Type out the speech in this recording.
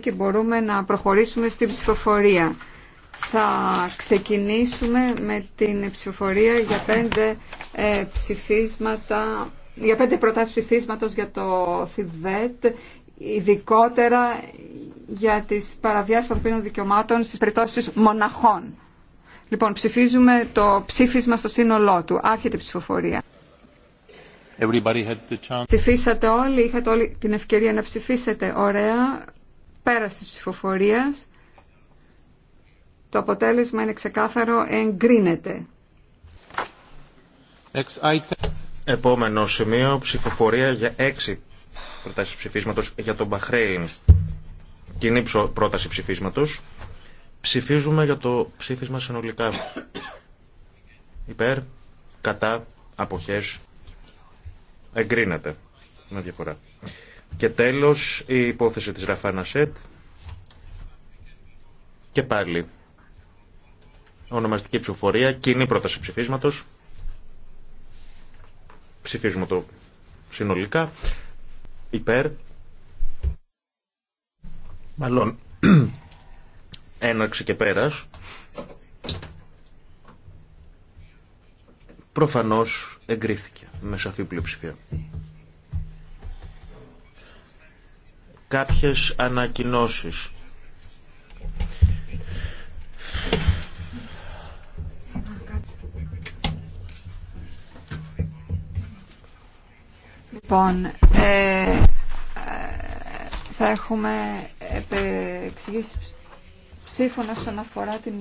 και μπορούμε να προχωρήσουμε στην ψηφοφορία. Θα ξεκινήσουμε με την ψηφοφορία για πέντε ε, ψηφίσματα, για πέντε προτάσεις ψηφίσματος για το Θιβέτ, ειδικότερα για τις παραβιάσεις των δικαιωμάτων στις περιπτώσεις μοναχών. Λοιπόν, ψηφίζουμε το ψήφισμα στο σύνολό του. Άρχεται η ψηφοφορία. Ψηφίσατε όλοι, είχατε όλοι την ευκαιρία να ψηφίσετε. Ωραία. Πέρας της ψηφοφορίας το αποτέλεσμα είναι ξεκάθαρο, εγκρίνεται. Επόμενο σημείο, ψηφοφορία για έξι προτάσεις ψηφίσματος για τον Μπαχρέιν. Κοινή πρόταση ψηφίσματος. Ψηφίζουμε για το ψήφισμα συνολικά. Υπέρ, κατά, αποχές, εγκρίνεται. Με διαφορά. Και τέλος η υπόθεση της Ραφάνα Σέτ. Και πάλι ονομαστική ψηφοφορία, κοινή πρόταση ψηφίσματος. Ψηφίζουμε το συνολικά. Υπέρ. Μάλλον έναρξη και πέρας. Προφανώς εγκρίθηκε με σαφή πλειοψηφία. κάποιες ανακοινώσεις. Λοιπόν, ε, ε, θα έχουμε εξηγήσει ψήφων όσον αφορά την